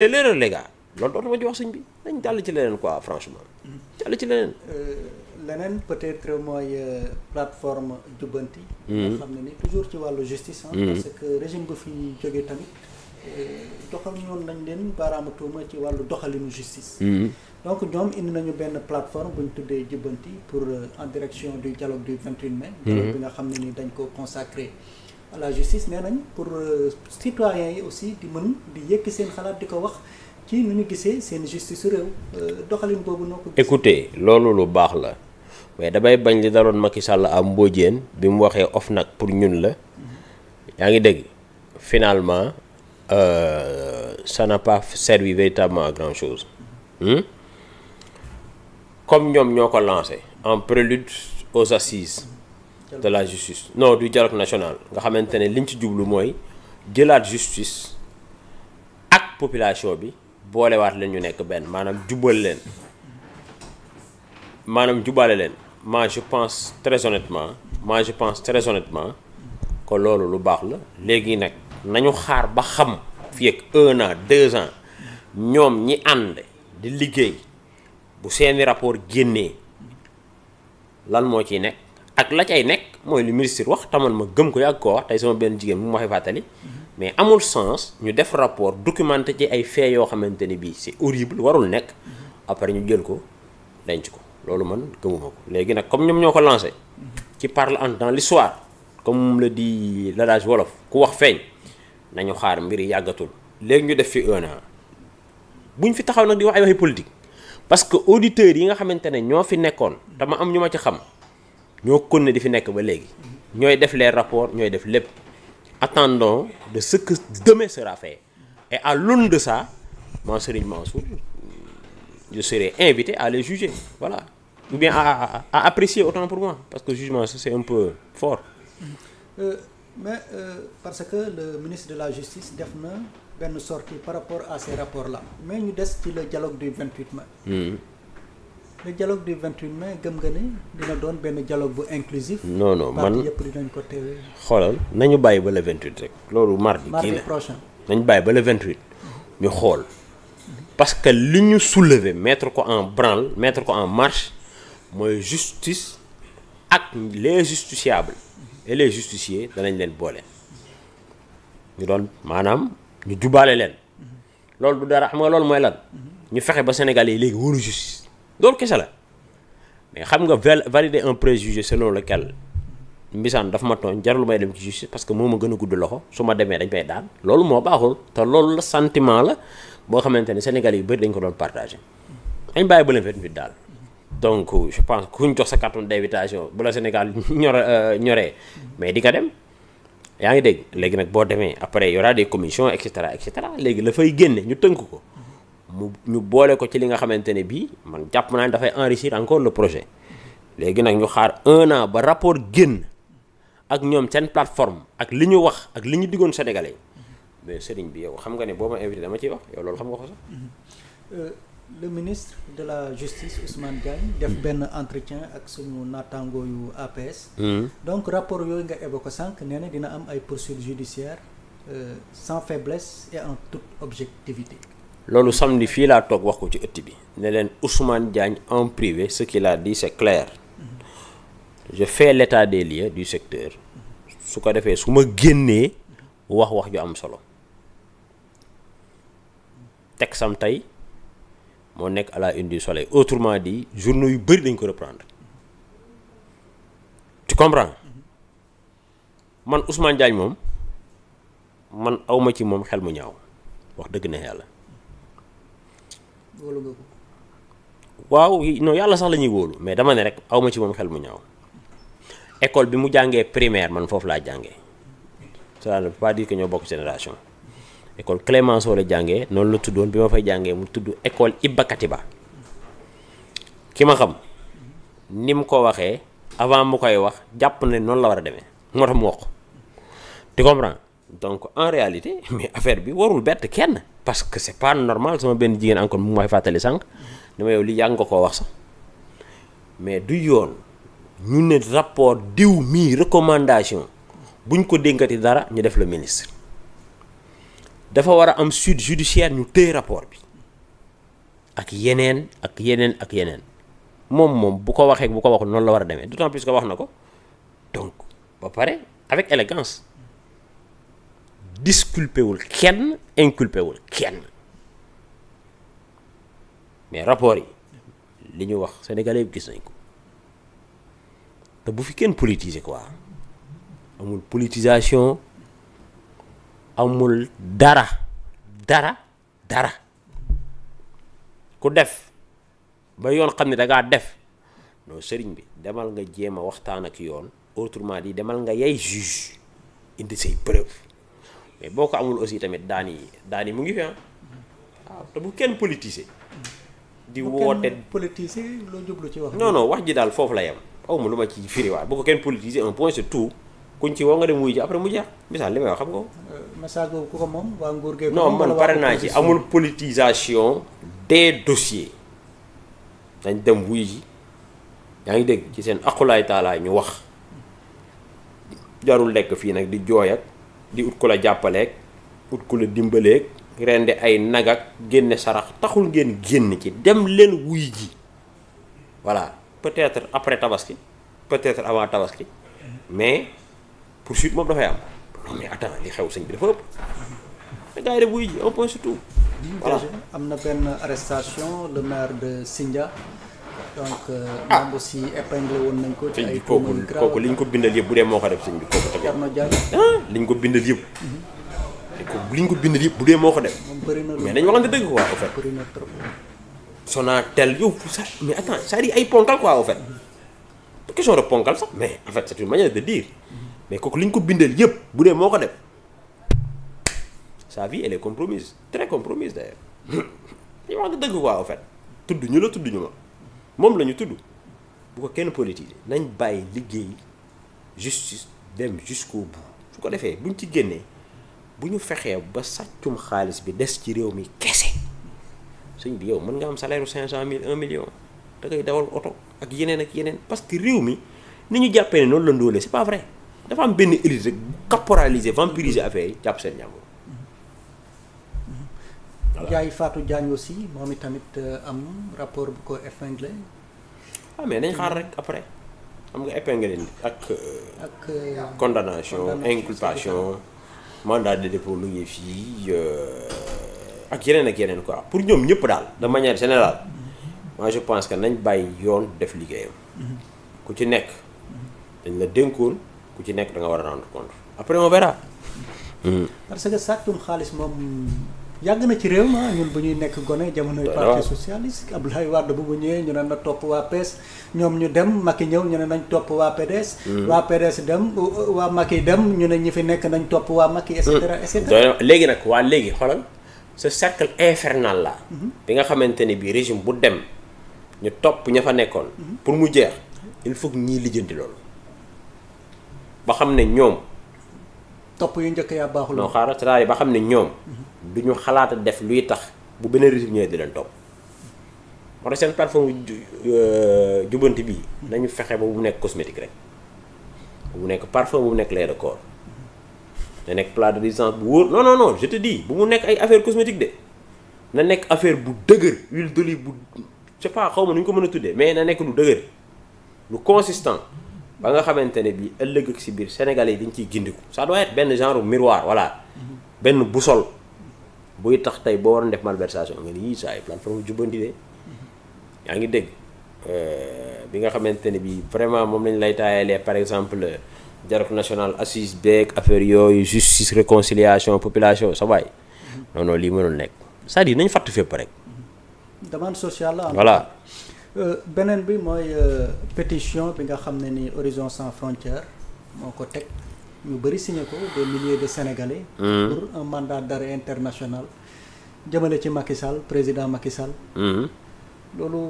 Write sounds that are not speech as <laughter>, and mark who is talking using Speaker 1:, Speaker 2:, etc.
Speaker 1: te l'erreur les gars loolu dootuma ci bi dañ jàll ci leneen quoi franchement. jàll ci leneen.
Speaker 2: Euh, leneen peut-être mooy euh, plateforme jubbanti. Hmm. nga xam ne ni toujours ci wàllu justice. Hmm. parce que régime bu fi jógee tamit euh, doxal ñoon nañ leen baaraamu tuuma ci wàllu doxalinu justice. Hmm. donc ñoom indi nañu benn plateforme bu tuddee jubbanti pour en direction du dialogue du 21 mai. bi nga xam ne ni dañ ko consacré. la justice nee pour euh, citoyens yi aussi di mën di yëkk seen xalaat di ko wax ci nu ñu gisee seen justice su réew euh, doxalin boobu noo ko.
Speaker 1: écoutez loolu lu baax la mais damay bañ li daloon Macky Sall am Mbodiène bi mu waxee nag pour ñun la mhm. yaa ngi dégg finalement euh, ça n'a pas servi véritablement à grand chose mhm. hmm? comme ñoom ñoo ko lancé en prélude aux assises. de la justice non du dialogue national nga xamante ne liñ ci jublu mooy jëlaat justice ak population bi boolewaat leen ñu nekk benn maanaam jubal leen maanaam jubale leen moi je pense très honnêtement moi je pense très honnêtement que loolu lu baax la léegi nag nañu xaar ba xam fii ak un an deux ans ñoom ñi ànd di liggéey bu seeni rapport génnee lan moo ciy nekk ak la cay nekk mooy lu ministre wax taman ma gëm ko yàgg koo wax tey sama benn jigéen bu mu waxee fàttali mais amul sens ñu def rapport documenté ci ay faits yoo xamante ni bii c'est horrible warul nekk après ñu jël ko denc ko loolu man gëmuma ko léegi nag comme ñoom ñoo ko lancé ci parle en dans l'histoire comme la di l'adage wolof ku wax feeñ nañu xaar mbir yàggatul léegi ñu def fi un an buñ fi taxaw nag di wax ay waxi politique parce que auditeurs yi nga xamante ne ñoo fi nekkoon dama am ñu ma ci xam ñoo kon ne di fi nekk ba léegi ñooy def les rapports ñooy def lépp attendon de ce que demain sera fait et à l'aune de ça moi Serigne Mansour je serai invité à les juger wala ou bien à, à, à apprécier autant pour moi parce que jugement c'est un peu fort
Speaker 2: euh, mais euh, parce que le ministre de la justice def na benn sortie par rapport à ces rapports là mais ñu des ci le dialogue du 28 mai mmh. le dialogue du 28 mai gëm nga ne dina doon benn dialogue bu inclusif. non man parti yëpp dinañ ko teewee.
Speaker 1: xoolal nañu bàyyi ba le 28 rek loolu mardi. mardi prochain kii nañu bàyyi ba le 28 ñu xool parce que li ñu soulever mettre ko en branle mettre ko en marche mooy justice ak les justiciables et les justiciers danañ leen boole ñu doon maanaam ñu jubale leen loolu du dara xam nga loolu mooy lan ñu fexe ba sénégal yi léegi wóoru justice. loolu kese la mais xam nga valider un préjugé selon lequel mbisaan dafa ma tooñ jarul may dem ci justice parce que moo ma gën a gudd loxo su ma demee dañ may daal loolu moo baaxul te loolu la sentiment la boo xamante ne Sénégal yu bëri dañ ko doon partagé dañ bàyyi ba le 28 daal donc je pense ku ñu jox sa carton d'invitation bu la Sénégal <laughs> ñor euh, ñoree mais di ko dem yaa ngi dégg léegi nag boo demee après y aura des commissions et cetera et léegi la fay génne ñu tënk ko mu ñu boole ko ci li nga xamante ne bii man jàpp naa ne dafay enrichir encore le projet léegi nag ñu xaar un an ba rapport génn ak ñoom seen plateforme ak li ñu wax ak li ñu diggoon sénégalais mais sëriñ bi yow xam nga ne boo ma dama ciy wax yow loolu xam nga
Speaker 2: ko sax. Euh, le ministre de la justice Ousmane Diagne def mm-hmm. benn entretien ak suñu naataangoo yu APS. Mm-hmm. donc rapport yooyu nga évoqué sànq nee na dina am ay poursuites judiciaires euh, sans faiblesse et en toute objectivité.
Speaker 1: loolu samedi fii laa toog wax ko ci ëtt bi ne leen Ousmane Diagne en privé ce qu'il a di c'est clair je fais l'état des lieux du secteur su ko defee su ma génnee wax wax ju am solo teg sam tey moo nekk à la une du soleil autrement di journaux yu bëri dañ ko reprendre tu comprends man Ousmane Diagne moom man awma ci moom xel mu ñaaw wax dëgg ne yàlla wóolu nga ko. waaw yàlla sax la ñuy wóolu mais dama ne rek awma ci moom xel mu ñaaw école bi mu jàngee primaire man foofu laa jàngee ça ne veut pas dire que ñoo bokk génération école Clémenceau la jàngee noonu la tuddoon bi ma fay jàngee mu tudd école Iba ba ki ma xam ni mu ko waxee avant mu koy wax jàpp na noonu la war a demee moo tax mu wax tu comprends donc en réalité <laughs> mais affaire bi warul bett kenn parce que c'est pas normal sama benn jigéen encore mu may fàttali sànq dama yow li yàgg nga koo wax sax mais du yoon ñu ne rapport diw mii recommandation buñ ko dénkati dara ñu def le ministre dafa war a am suite judiciaire ñu téye rapport bi ak yeneen ak yeneen ak yeneen moom moom bu ko waxee bu ko waxul noonu la war a demee d'autant plus ko wax na ko donc ba pare avec élégance disculpé wul kenn inculpé wul kenn mais rapport yi li ñu wax sénégalais yëpp gis nañ ko te bu fi kenn politiser ko amul politisation amul dara dara dara ku def ba yoon xam ne dangaa def noo sëriñ bi demal nga jéem a waxtaan ak yoon autrement dit demal nga yay juge indi say preuve boo ko amul aussi tamit daani daani mu ngi fi ah waaw te bu kenn politisé. di woote
Speaker 2: politisé loo jublu ci wax. non wax ji
Speaker 1: daal foofu la yem aw ma lu ma ci firiwaat bu ko kenn politisé un point c'est tout kuñ ci wax nga dem wuy ji après mu jeex misaal li may wax xam nga.
Speaker 2: Euh, message boobu ku ko moom waa nguur gee. man pare naa ci amul
Speaker 1: politisation des dossiers dañ dem wuy ji yaa ngi dégg ci seen aqulaay taalaay ñu wax jarul lekk fii nag di jooy ak di ut ku la jàppaleeg ut ku la dimbaleeg rendi ay nag ak génne sarax taxul ngeen génn ci dem leen wuy ji voilà peut-être après tabaski peut-être avant tabaski mais poursuite moom dafay am non mais attends li xew sëñ bi dafa ëpp
Speaker 2: te gars wuy ji un point surtout voilà am na benn arrestation le maire de Sindia donc euh, ah. moom woon nañ ko. ci ay communes kooku kooku
Speaker 1: li ñu ko bindal yëpp bu dee moo ko def sëñ bi kooku tamit. Thierno ah, ko bindal yëpp. Mhm. li ñu ko bindal yëpp bu dee moo ko def. moom bëri na mais nañu waxante dëgg quoi au fait. bëri na trop. Sonatel yow ay ponkal quoi au fait. Mhm. question mais en fait c'est de dire. mais kooku li ñu ko bindal yëpp bu dee moo ko def. sa vie elle compromise très compromise d'ailleurs. li wax nga dëgg quoi en fait tudd ñu la tudd ñu ma. moom la ñu tudd bu ko kenn politiser nañ bàyyi liggéey justice dem jusqu'au bout su ko defee buñ ci génnee bu ñu fexee ba sàccum xaalis bi des ci réew mi kese sëñ bi yow mën nga am salaire cinq cent mille un million da ngay dawal oto ak yeneen ak yeneen parce que réew mi ni ñu jàppee ne noonu la ndóolee c'est pas vrai dafa am benn élite rek caporaliser vampiriser affaire yi jàpp seen njàngoor
Speaker 2: Ndiaye Fatou Diagne aussi moom it tamit euh, am rapport bu ko épinglé. ah nañ xaar
Speaker 1: rek après am nga épinglé nit ak. Euh, ak euh, condamnation inculpation mandat de dépôt mu ngi fii ak yeneen ak yeneen quoi pour ñoom ñëpp daal de manière général moi je pense que nañ bàyyi yoon def liggéeyam. Mm-hmm. ku ci nekk
Speaker 2: mm-hmm.
Speaker 1: dañ la dénkoon ku ci nekk da nga war a rendre compte après on
Speaker 2: verra. parce que sàccum xaalis moom. yàgg na ci réew ma ah, ñun bu ñuy nekk gone jamonoy parti socialiste Abdoulaye Wade bu bu ñëwee ñu ne na topp waa PS ñoom ñu dem Macky ñëw ñu ne nañ topp waa PDS hmm. waa PDS dem waa Macky dem ñu ne ñu fi nekk nañ topp waa Macky et cetera et hmm.
Speaker 1: léegi nag waa léegi xolal ce cercle infernal la hmm. bi nga xamante ne bii régime bu dem ñu topp ña fa nekkoon pour mu jeex il foog que lijjanti loolu ba xam ne ñoom
Speaker 2: topp yu njëkk yaa baaxul. non
Speaker 1: xaaral cest à ba xam ne ñoom. du ñu xalaat def luy tax bu benn risque ñëwee di leen topp. moo tax seen plateforme jubanti euh, bii nañu fexe ba bu nekk cosmétique rek bu nekk parfum bu nekk lait de corps na nekk plat de résistance bu wóor non non non je bu mu nekk ay affaire cosmétique de na nekk affaire bu dëgër huile d'olive bu je xaw ma nu ñu ko mën a tuddee mais na nekk lu dëgër lu consistant ba nga xamante ne bii ëllëg ak si biir sénégal yi dañ ciy gindiku ça doit benn genre miroir voilà mhm. benn sol buy tax tey boo waroon def malversation nga ni yii saa yi plateforme jubbanti de mhm. yaa ngi dégg euh, bi nga xamante ne bii vraiment moom lañ lay taayalee par exemple euh, dialogue national assise beeg affaire yooyu justice réconciliation population sa waay mhm. non non lii mënul nekk cest à nañ fàtt fépp
Speaker 2: rek demande Euh, beneen bi mooy euh, pétition bi nga xam ne ni Horizon Sans Frontières moo ko teg ñu bëri signé ko des milliers de Sénégalais. Mm-hmm. pour un mandat d'arrêt international jëmale ci Macky président Macky mm-hmm. loolu